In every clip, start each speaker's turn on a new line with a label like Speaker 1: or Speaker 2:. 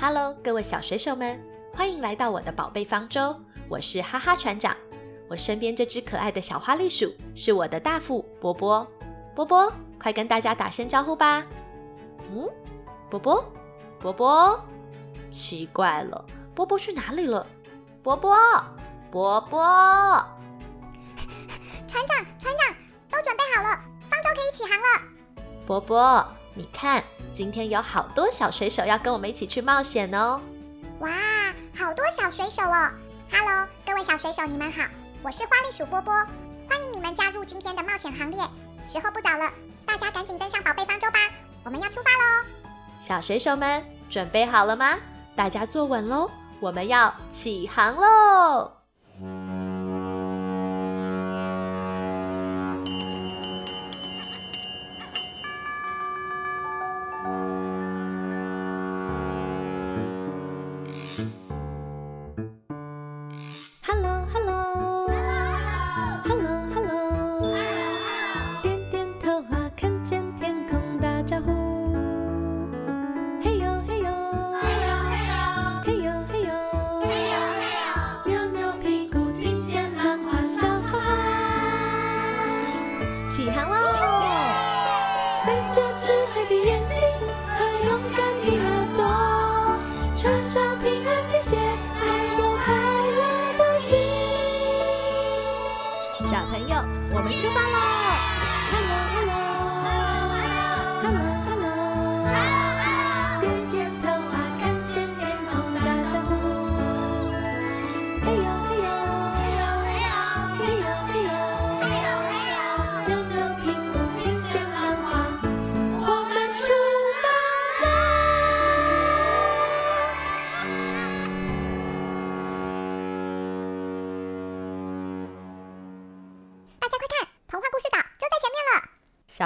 Speaker 1: Hello，各位小水手們，歡迎來到我的寶貝方舟。我是哈哈船長，我身邊這隻可愛的小花栗鼠是我的大副波波。波波，快跟大家打聲招呼吧。嗯，波波，波波，奇怪了，波波去哪裡了？波波，波波，
Speaker 2: 船長，船長，都準備好了，方舟可以起航了。
Speaker 1: 波波，你看。今天有好多小水手要跟我們一起去冒險哦！
Speaker 2: 哇，好多小水手哦！哈嘍，各位小水手，你們好，我是花栗鼠波波，歡迎你們加入今天的冒險行列。時候不早了，大家趕緊登上寶貝方舟吧，我們要出發嘍！
Speaker 1: 小水手們，準備好了嗎？大家坐穩嘍，我們要起航嘍！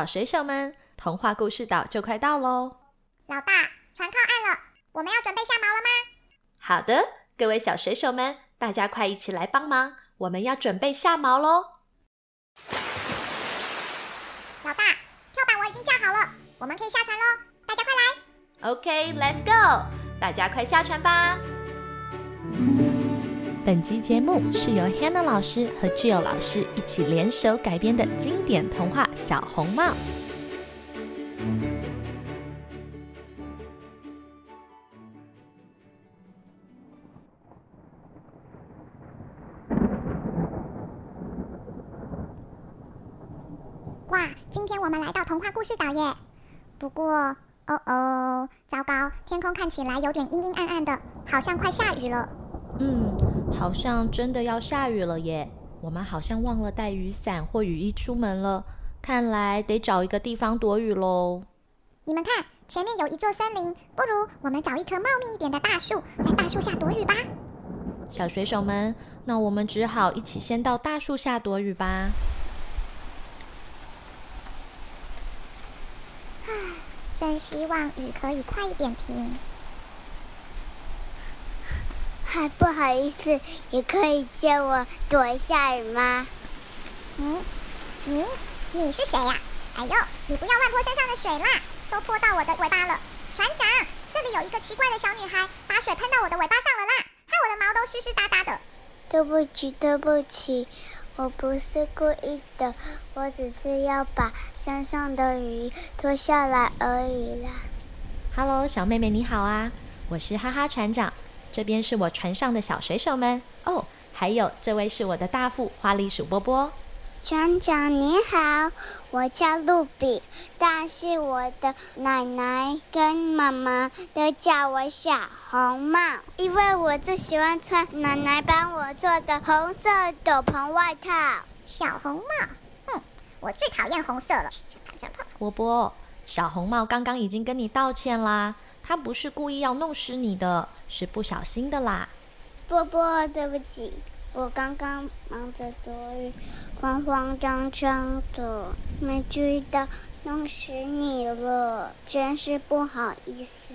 Speaker 1: 小水手們，童話故事島就快到嘍！
Speaker 2: 老大，船靠岸了，我們要準備下錨了嗎？
Speaker 1: 好的，各位小水手們，大家快一起來幫忙！我們要準備下錨嘍！
Speaker 2: 老大，跳板我已經架好了，我們可以下船嘍！大家快
Speaker 1: 來！OK，let's go，大家快下船吧！本集節目是由 Hannah 老師和 Jill 老師一起聯手改編的經典童話《小紅帽》
Speaker 2: 哇！今天我們來到童話故事島耶！不過，哦哦，糟糕，天空看起來有點陰陰暗暗的，好像快下雨了。嗯。
Speaker 1: 好像真的要下雨了耶！我們好像忘了帶雨傘或雨衣出門了，看來得找一個地方躲雨嘍。
Speaker 2: 你們看，前面有一座森林，不如我們找一棵茂密一點的大樹，在大樹下躲雨吧。
Speaker 1: 小水手們，那我們只好一起先到大樹下躲
Speaker 2: 雨吧。
Speaker 3: 啊，真希望雨可以快一點停。還不好意思，也可以借我躲一下雨嗎？嗯，你，你是誰呀？哎呦，你不要
Speaker 2: 亂潑身上的水啦，都潑到我的尾巴了。船長，這裡有一個奇怪的小女孩，把水噴到我的尾巴上了啦，害我的毛都濕濕噠噠的。
Speaker 3: 對不起，對不起，我不是故意的，我只是要把身上的雨衣脫下來而已啦。
Speaker 1: Hello，小妹妹你好啊，我是哈哈船長。這邊是我船上的小水手們哦，oh, 還有這位是我的大副花栗鼠波波。
Speaker 3: 船長你好，我叫露比，但是我的奶奶跟媽媽都叫我小紅帽，因為我最喜歡穿奶奶幫我做的紅色斗篷外套。小紅帽，哼，我最討厭紅色了。
Speaker 1: 波波，小紅帽剛剛已經跟你道歉啦，她不是故意要弄濕你的。是不小心的啦，
Speaker 3: 波波，對不起，我剛剛忙着躲雨，慌慌張張的沒注意到弄濕你了，真是不好意思。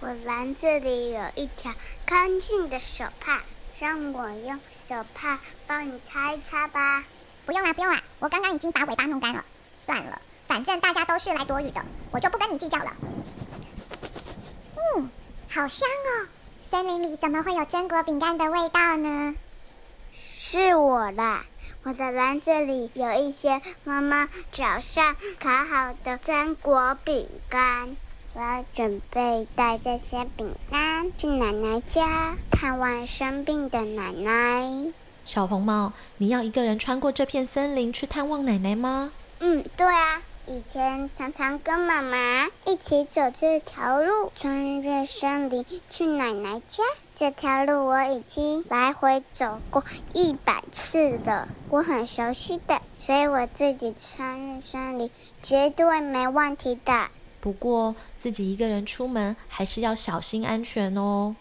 Speaker 3: 我籃子裡有一條乾淨的手帕，讓我用手帕幫你擦一擦吧。不用啦、啊，不用啦、啊，我剛剛已經把尾巴弄乾了。
Speaker 2: 算了，
Speaker 3: 反正大家都是來躲雨
Speaker 2: 的，我就不跟你計較了。嗯。好香哦！森
Speaker 3: 林裡怎麼會有堅果餅乾的味道呢？是我啦，我的籃子裡有一些媽媽早上烤好的堅果餅乾。我要準備帶這些餅乾去奶奶家探望生病的奶奶。小紅帽，你要一個人穿過這片森林去探望奶奶嗎？嗯，對啊。以前常常跟媽媽一起走這條路，穿越森林去奶奶家。這條路我已經來回走過一百次了，我很熟悉的，所以我自己穿越森林絕對沒問題的。不過自己一個人出門還是要小心安全哦。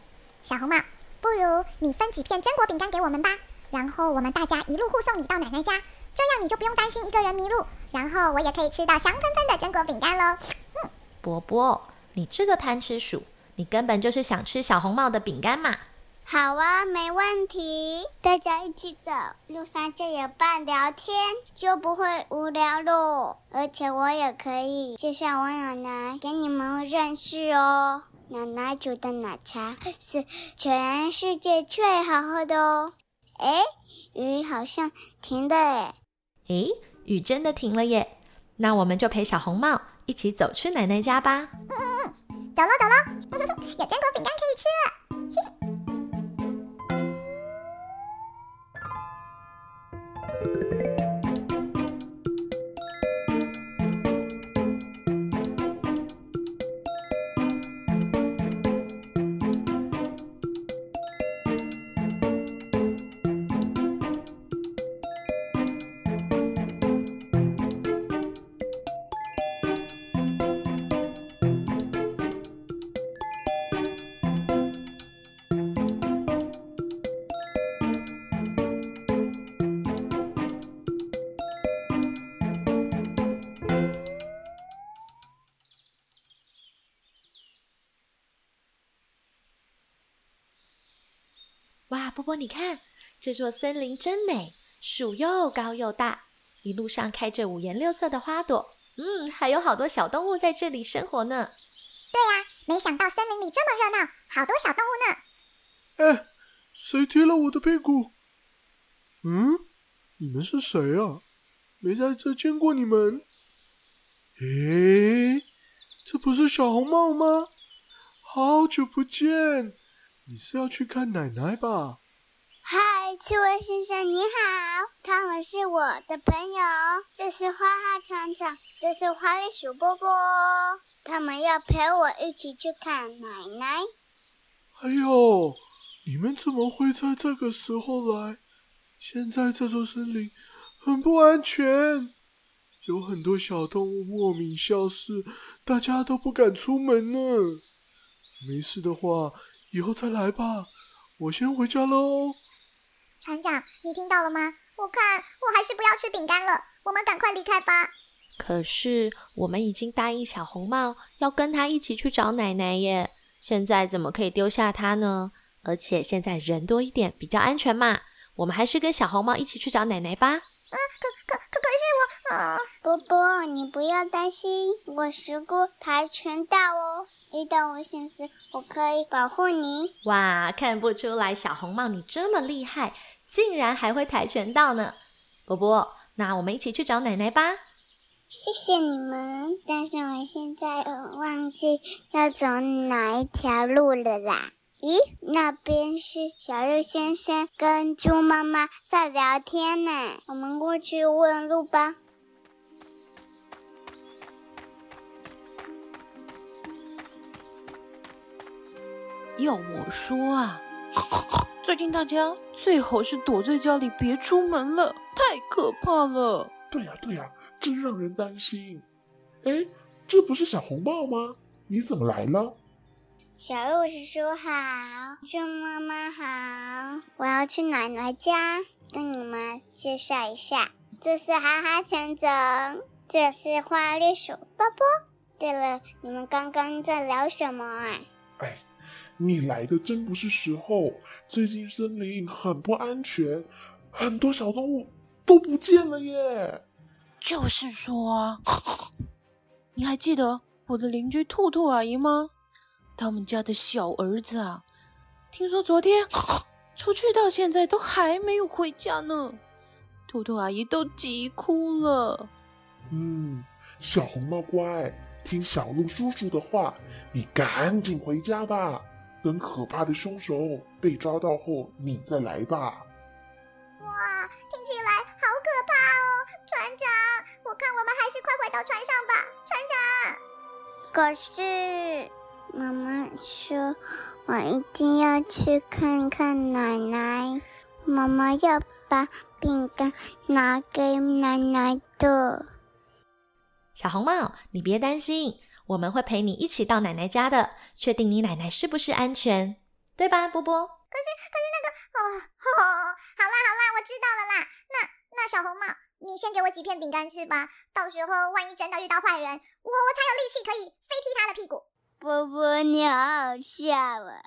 Speaker 2: 小紅帽，不如你分幾片榛果餅乾給我們吧，然後我們大家一路護送你到奶奶家。這樣你就不用擔心一個人迷路，然後我也可以吃到香噴噴的榛果餅乾嘍。哼、
Speaker 1: 嗯，波波，你這個貪吃鼠，你根本就是想吃小紅帽的餅乾嘛！
Speaker 3: 好啊，沒問題，大家一起走，路上就有伴聊天，就不會無聊咯。而且我也可以介紹我奶奶給你們認識哦。奶奶煮的奶茶是全世界最好喝的哦。哎，雨好像停了，哎。
Speaker 1: 誒，雨真的停了耶！那我們就陪小紅帽一起走去奶奶家吧。嗯嗯嗯，
Speaker 2: 走嘍，走嘍，有堅果餅乾可以吃了。
Speaker 1: 嘿嘿哦，你看，這座森林真美，樹又高又大，一路上開着五顏六色的花朵。嗯，還有好多小動物在這裡生活呢。對呀，啊，沒想到森林裡這麼熱鬧，好多小動物呢。哎，
Speaker 4: 誰貼了我的屁股？嗯，你們是誰啊？沒在這見過你們？咦，這不是小紅帽嗎？好久不見，你是要去看奶奶吧？
Speaker 3: 嗨，Hi，刺蝟先生你好！他們是我的朋友，這是哈哈船長，這是花栗鼠波波。他們要陪我一起去看奶奶。哎呦，
Speaker 4: 你們怎麼會在這個時候來？現在這座森林很不安全，有很多小動物莫名消失，大家都不敢出門呢。沒事的話，以後再來
Speaker 1: 吧。我先回家嘍。
Speaker 2: 船長，你聽到了嗎？我看我還是不要吃餅乾了，我們趕快離開吧。
Speaker 1: 可是我們已經答應小紅帽要跟他一起去找奶奶耶，現在怎麼可以丟下他呢？而且現在人多一點比較安全嘛，我們還是跟小紅帽一起去找奶奶吧。啊，
Speaker 3: 可可可可是我……啊，波波，你不要擔心，我學過跆拳道哦，遇到危險時我可以保護你。
Speaker 1: 哇，看不出來小紅帽你這麼厲害。竟然還會跆拳道呢，波波，那我們一起去找奶奶吧。
Speaker 3: 謝謝你們，但是我現在忘記要走哪一條路了啦。咦，那邊是小鹿先生跟豬媽媽在聊天呢，我們過去問路吧。
Speaker 5: 要我說啊。最近大家最好是躲在家裡，別出門了，太
Speaker 6: 可怕了。對呀、啊，對呀、啊，真讓人擔心。哎，這不是小紅帽嗎？你怎麼來了？
Speaker 3: 小鹿叔叔好，豬媽媽好，我要去奶奶家，跟你們介紹一下，這是哈哈船長，這是花栗鼠波波。對了，你們剛剛在聊什麼啊？
Speaker 6: 你來的真不是時候，最近森林很不安全，很多小動物都不見了耶。就是說啊，你還記得
Speaker 5: 我的鄰居兔兔阿姨嗎？他們家的小兒子啊，聽說昨天出去到現在都還沒有回家呢，兔兔阿姨都急哭了。
Speaker 6: 嗯，小紅帽乖，聽小鹿叔叔的話，你趕緊回家吧。等可怕的凶手被抓到後，你再來吧。
Speaker 2: 哇，聽起來好可怕哦，船長！我看我們還是快回到船上吧，船長。
Speaker 3: 可是媽媽說，我一定要去看一看奶奶。媽媽要把餅乾拿給奶奶的。小紅帽，你別
Speaker 1: 擔心。我們會陪你一起到奶奶家的，確定你奶奶是不是安全，對吧，波波？可是
Speaker 2: 可是那個哦，哦，好啦好啦，我知道了啦。那那小紅帽，你先給我幾片餅乾吃吧，到時候萬一真的遇到壞人，我我才有力
Speaker 3: 氣可以飛踢他的屁股。波波，你好好笑啊！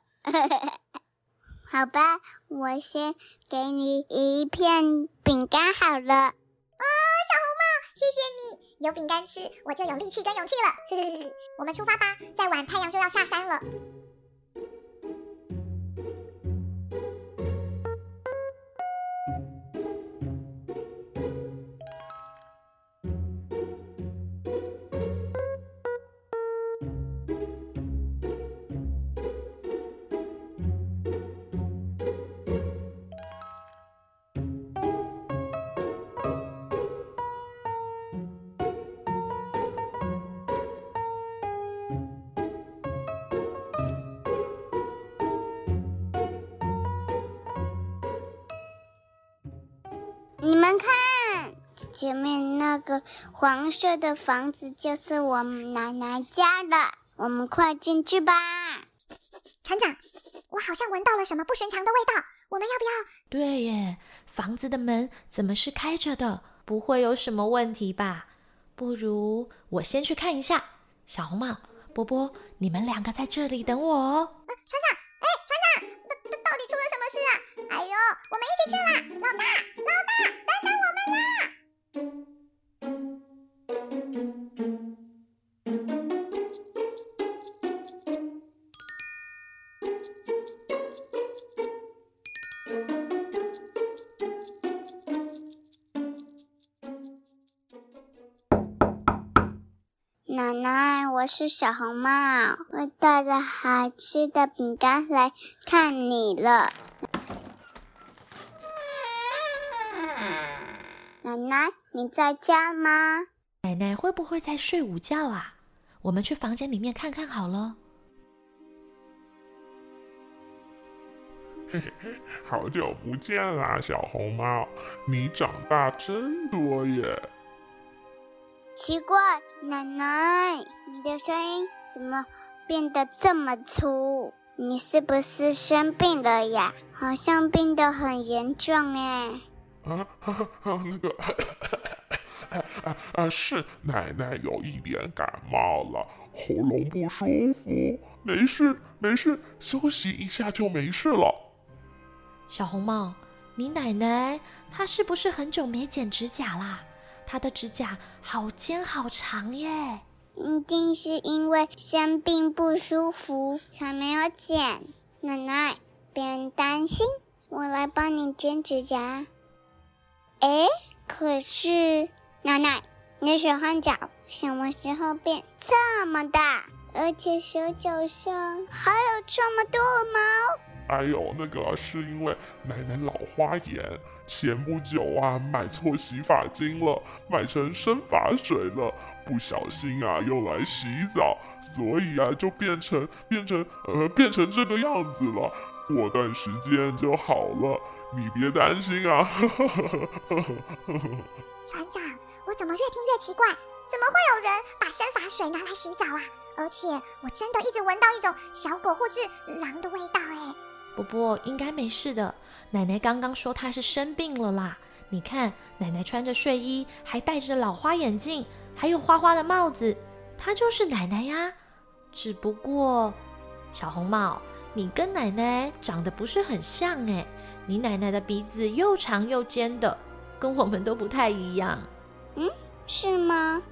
Speaker 3: 好吧，我先給你一片餅乾好了。哦，小紅帽，謝謝你。有餅乾吃，我就有力氣跟勇氣了。
Speaker 2: 我們出發吧，再晚太陽就要下山了。
Speaker 3: 前面那個黃色的房子就是我們奶奶家了，我們快進去吧。船長，我好像聞到了什麼不尋常的味道，我們要不要？對耶，房子的門怎麼是開
Speaker 1: 着的？不會有什麼問題吧？不如我先去看一下。小紅帽、波波，你們兩個在這裡等我哦。呃，船長
Speaker 3: 我是小紅帽，我帶了好吃的餅乾來看你了。奶奶，你在家嗎？奶奶會不會在睡午覺啊？我們去房間裡面看看好了。嘿嘿
Speaker 6: 嘿，好久不見啦，小紅帽，你長大真多耶。
Speaker 3: 奇怪，奶奶，你的聲音怎麼變得這麼粗？你是不是生病了呀？好像病得很嚴重哎、啊
Speaker 6: 啊！啊，那個，啊啊啊！是奶奶有一點感冒了，喉嚨不
Speaker 1: 舒服，沒事，沒事，休息一下就沒事了。小紅帽，你奶奶她是不是很久沒剪
Speaker 3: 指甲啦？她的指甲好尖好長耶，一定是因為生病不舒服才沒有剪。奶奶，別擔心，我來幫你剪指甲。哎，可是奶奶，你的手和腳什麼時候變這麼大？而且手腳上還有這麼多毛。
Speaker 6: 哎呦，那個、啊、是因為奶奶老花眼，前不久啊買錯洗髮精了，買成生髮水了，不小心啊又來洗澡，所以啊就變成變成呃變成這個樣子了，過段時間就好了，你別擔心啊。
Speaker 2: 船長，我怎麼越聽越奇怪？怎麼會有人把生髮水拿來洗澡啊？而且我真的一直聞到一種小狗或是狼的味道哎，欸。不
Speaker 1: 過應該沒事的。奶奶剛剛說她是生病了啦。你看，奶奶穿着睡衣，還戴着老花眼鏡，還有花花的帽子，她就是奶奶呀。只不過，小紅帽，你跟奶奶長得不是很像誒？你奶奶的鼻子又長又尖的，跟我們都不太一樣。
Speaker 3: 嗯，是嗎？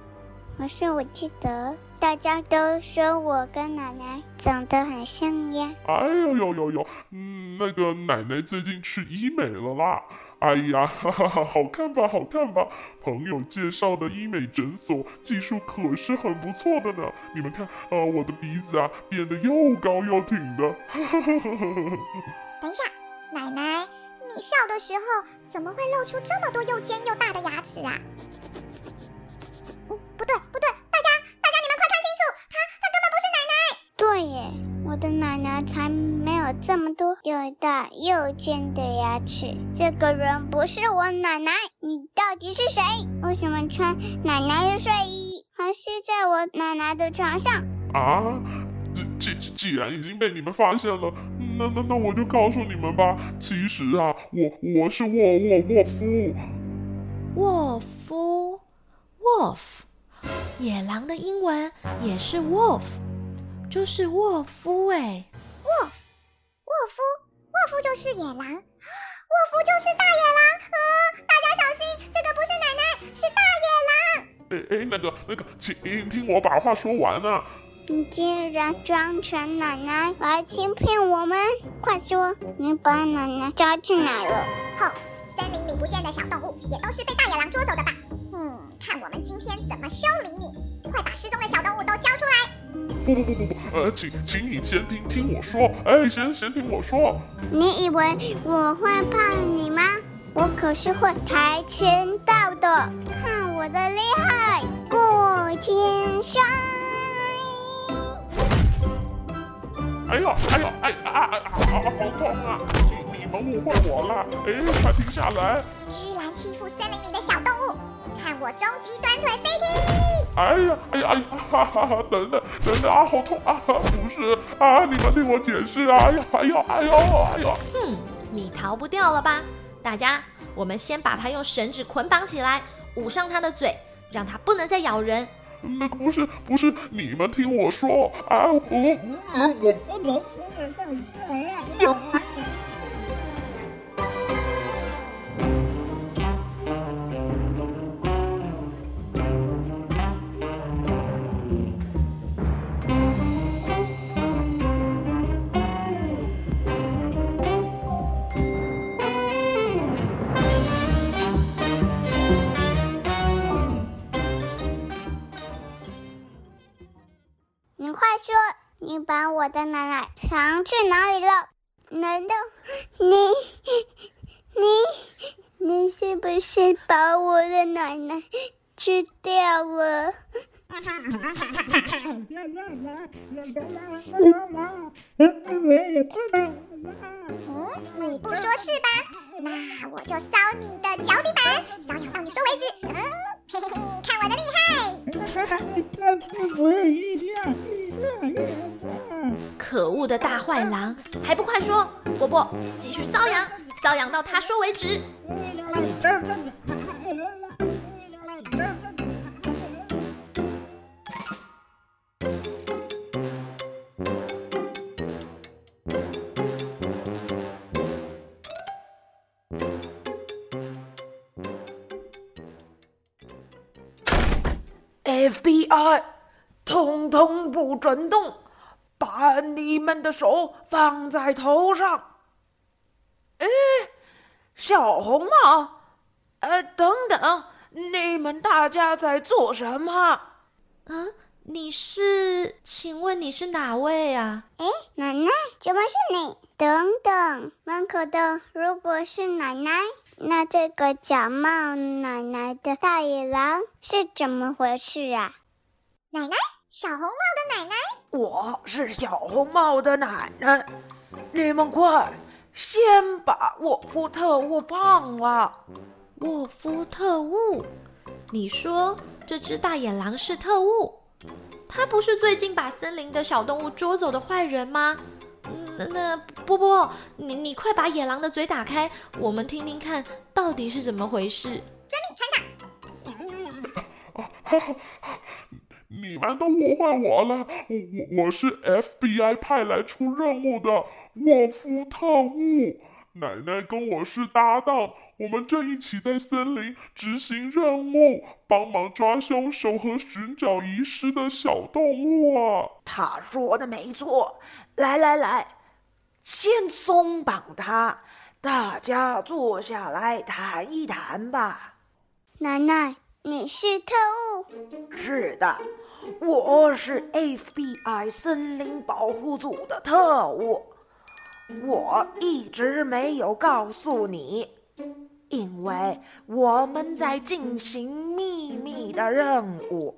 Speaker 3: 可是我記得大家都說我跟奶奶長得很像呀！
Speaker 6: 哎呦呦呦呦，嗯，那個奶奶最近去醫美了啦！哎呀，哈哈，好看吧，好看吧！朋友介紹的醫美診所技術可是很不錯的呢。你們看，啊、呃，我的鼻子啊變得又高又挺的。
Speaker 2: 等一下，奶奶，你笑的時候怎麼會露出這麼多又尖又大的牙齒啊？哦，不對，不對，大
Speaker 3: 家，大家，你們快看清楚，他，他根本不是奶奶。對耶，我的奶奶才沒有這麼多又大又尖的牙齒。這個人不是我奶奶，你到底是誰？為什麼穿奶奶的睡衣，還是在我奶奶的床上？
Speaker 6: 啊，既既既然已經被你們發現了，那那那，那我就告訴你們吧。其實啊，我我是沃沃沃夫，
Speaker 1: 沃夫。Wolf，野狼的英文也是
Speaker 2: Wolf，就是沃夫喂沃沃夫沃夫就是野狼，沃夫就是大野狼啊、呃！大家小心，這個
Speaker 3: 不是奶奶，是大野狼！
Speaker 6: 哎哎，那個那個，請聽我把話說完啊！
Speaker 3: 你竟然裝成奶奶來欺騙我們，快說你把奶奶抓進來了！哼、哦，
Speaker 2: 森林裡不見的小動物，也都是被大野狼捉走的吧？嗯，看我們今天怎麼修理你！快把失蹤的小動物都交出來！
Speaker 3: 不不不不不，
Speaker 6: 呃，請請你先聽聽我說，哎，先先聽我說。
Speaker 3: 你以為我會怕你嗎？我可是會跆拳道的，看我的厲害過肩摔！
Speaker 6: 哎！哎呀，哎呀，哎啊啊啊，好痛啊！你們誤會我了，哎，快停下來！
Speaker 2: 居然欺負森林裡的小動物。我終極短腿飛踢！
Speaker 6: 哎呀，哎呀，哎呀，哈哈哈！等等，等等啊，好痛啊！不是啊，你們聽我解釋啊！哎呀，哎呀，哎呀，
Speaker 1: 哎呀！哼，你逃不掉了吧？大家，我們先把他用繩子捆綁起來，捂上他的嘴，讓他不能再咬人。那不是，不是，
Speaker 6: 你們聽我說啊，我，我
Speaker 1: 不能。
Speaker 3: 把我的奶奶藏去哪裡了？難道你你你是不是把我的奶奶吃掉了？哈哈哈！哈哈哈！你不說是吧？那我就搔你的腳底板，搔癢到，
Speaker 2: 到你說為止。嗯，嘿嘿嘿，看我的厲害！哎，
Speaker 1: 可惡的大壞狼，還不快說！波波，繼續搔癢，搔癢到他說為止。
Speaker 5: FBI，通通不准動！把你們的手放在頭上。哎，小紅帽、啊，呃，等等，你們大家在做什麼？啊，你是？
Speaker 3: 請問你是哪位啊？哎，奶奶，怎麼是你？等等，門口的，如果是奶奶。那這個假冒奶奶的大野狼是怎麼回事啊？奶奶，小紅帽的奶奶，我是小紅帽的奶奶。你們快，
Speaker 5: 先把沃夫特務放了。沃夫特務，
Speaker 1: 你說這隻大野狼是特務？他不是最近把森林的小動物捉走的壞人嗎？那那波波，你你快把野狼的嘴打開，我們聽聽看，到底是怎麼回事？
Speaker 6: 遵命，團長。 你們都誤會我了，我我我是 FBI 派來出任務的沃夫特務。奶奶跟我是搭檔，我們正一起在森林執行任務，幫忙抓兇手和尋找遺失的小動物啊。他說的沒錯，來來來。來先鬆
Speaker 5: 綁他，大家坐下來談一談吧。
Speaker 3: 奶奶，你是特務？
Speaker 5: 是的，我是 FBI 森林保護組的特務。我一直沒有告訴你，因為我們在進行秘密的任務，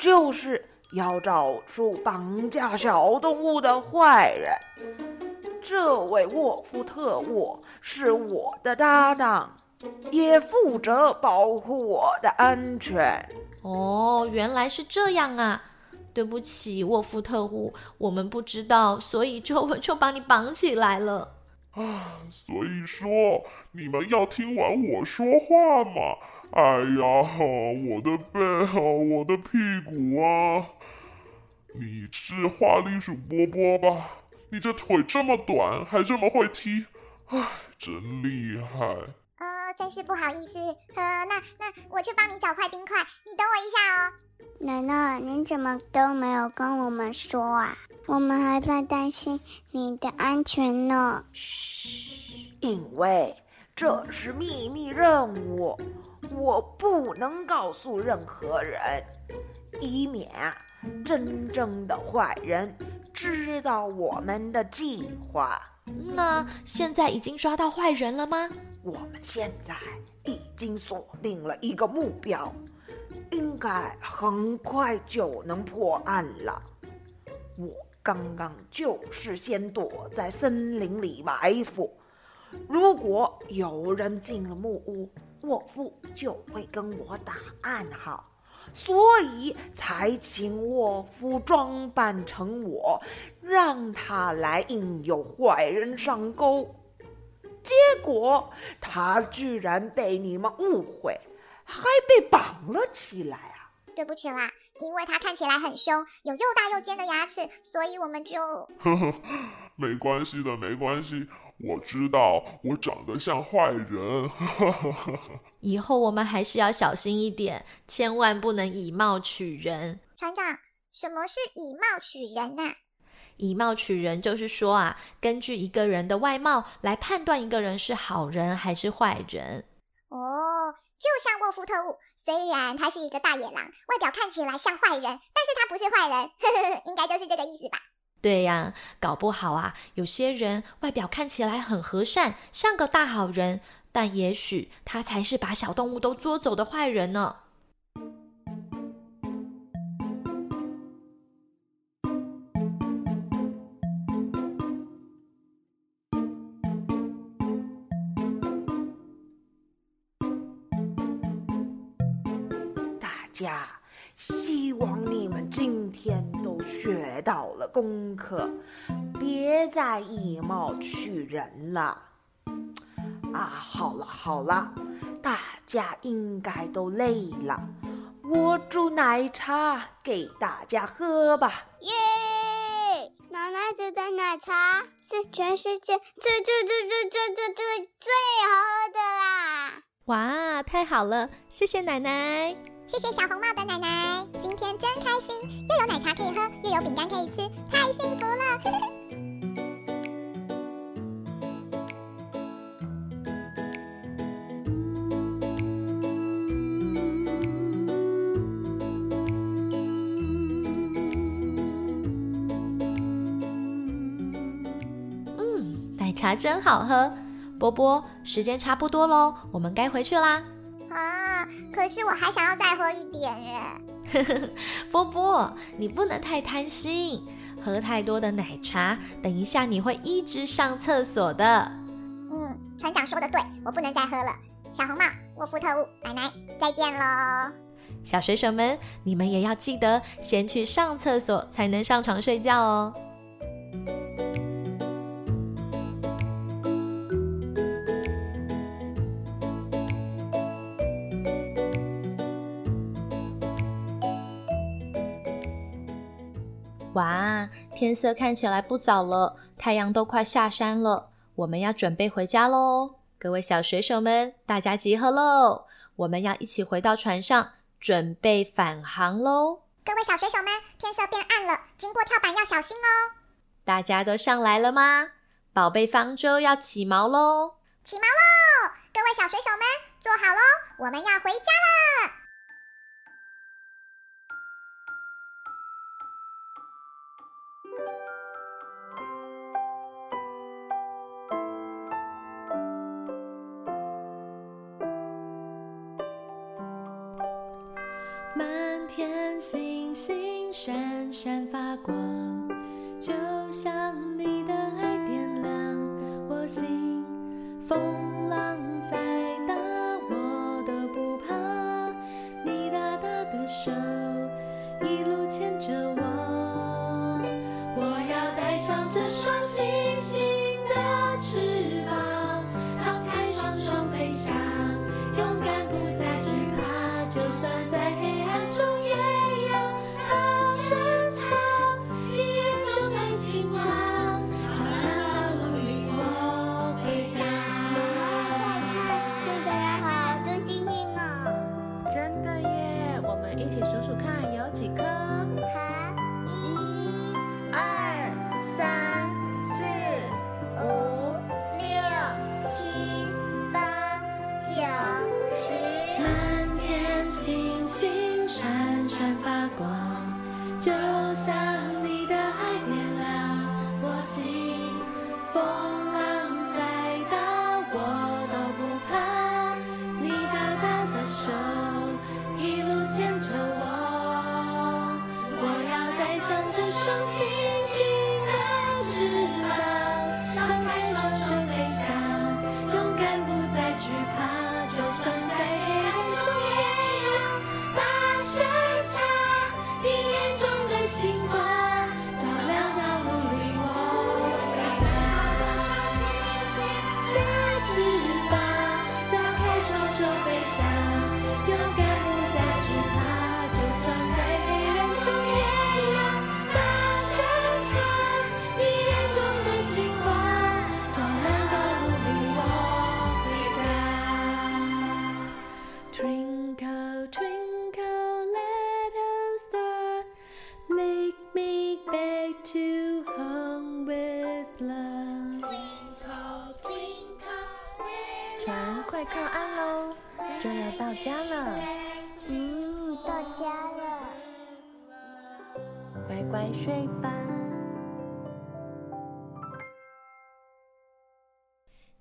Speaker 5: 就是要找出綁架小動物的壞人。這位沃夫特沃是我的搭檔，也負責保
Speaker 1: 護我的安全。哦，原來是這樣啊！對不起，沃夫特沃，我們不知道，所以就就把你綁起來了。
Speaker 6: 啊，所以說你們要聽完我說話嘛。哎呀，我的背啊，我的屁股啊！你是花栗鼠波波吧？你這腿這麼短，還這麼會踢，
Speaker 2: 哎，
Speaker 6: 真厲害！
Speaker 2: 呃，真是不好意思，呃，那那我去幫你找塊冰塊，你等我一下哦。
Speaker 3: 奶奶，您怎麼都沒有跟我們說啊？我們還在擔心你的安全呢。噓，
Speaker 5: 因為這是秘密任務，我不能告訴任何人，以免啊真正的壞人知道我們的計劃。那現在已經抓到壞人了嗎？我們現在已經鎖定了一個目標，應該很快就能破案了。我剛剛就是先躲在森林裡埋伏，如果有人進了木屋，沃夫就會跟我打暗號。所以才請沃夫裝扮成我，讓他來引誘壞人上鈎。結果他居然被你們誤會，
Speaker 2: 還被綁了起來啊！對不起啦，因為他看起來很凶，有又大又尖的牙齒，所以我們就呵呵，
Speaker 6: 沒關係的，沒關係。我知道我長得像壞人，
Speaker 1: 以後我們還是要小心一點，千萬不能以貌取人。
Speaker 2: 船長，什麼是以貌取人呢、啊？
Speaker 1: 以貌取人就是說啊，根據一個人的外貌來判斷一個人是好人還是壞人。
Speaker 2: 哦，oh, 就像沃夫特務，雖然他是一個大野狼，外表看起來像壞人，但是他不是壞人， 應該就是這個意思吧。
Speaker 1: 對呀，搞不好啊，有些人外表看起來很和善，像個大好人，但也許他才是把小動物都捉走的壞人呢。
Speaker 5: 大家，希望你們今天，學到了功課，別再以貌取人了。啊，好了好了，大家應該都累了，
Speaker 3: 我煮奶茶給大家喝吧。耶！奶奶煮的奶茶是全世界最最最最最最最好喝的啦！
Speaker 1: 哇，太好了！謝
Speaker 2: 謝奶奶，謝謝小紅帽的奶奶，今天真開心，又有奶茶可以喝。有餅乾可以吃，太幸福了！
Speaker 1: 呵呵，嗯，奶茶真好喝。波波，時間差不多嘍，我們該回去啦。啊，
Speaker 2: 可是我還想要再喝一點耶。
Speaker 1: 波波，你不能太貪心，喝太多的奶茶，等一下你會一直上廁所的。
Speaker 2: 嗯，船長說得對，我不能再喝了。小紅帽、沃夫特務、奶奶，再見嘍！
Speaker 1: 小水手們，你們也要記得先去上廁所才能上床睡覺哦。哇，天色看起來不早了，太陽都快下山了，我們要準備回家嘍！各位小水手們，大家集合嘍！我們要一起回到船上，準備返航嘍！
Speaker 2: 各位小水手們，天色變暗了，經過跳板要小心哦！
Speaker 1: 大家都上來了嗎？寶貝方舟要起錨嘍！
Speaker 2: 起錨嘍！各位小水手們，坐好嘍！我們要回家了。
Speaker 4: 星星閃閃發光，就像你的愛點亮我心。風浪。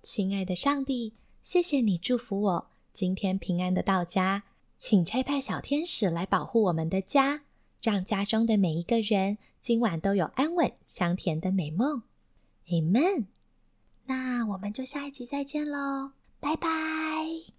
Speaker 1: 親愛的上帝，謝謝你祝福我今天平安的到家，請差派小天使來保護我們的家，讓家中的每一個人今晚都有安穩香甜的美夢。Amen。那我們就下一集再見嘍，拜拜。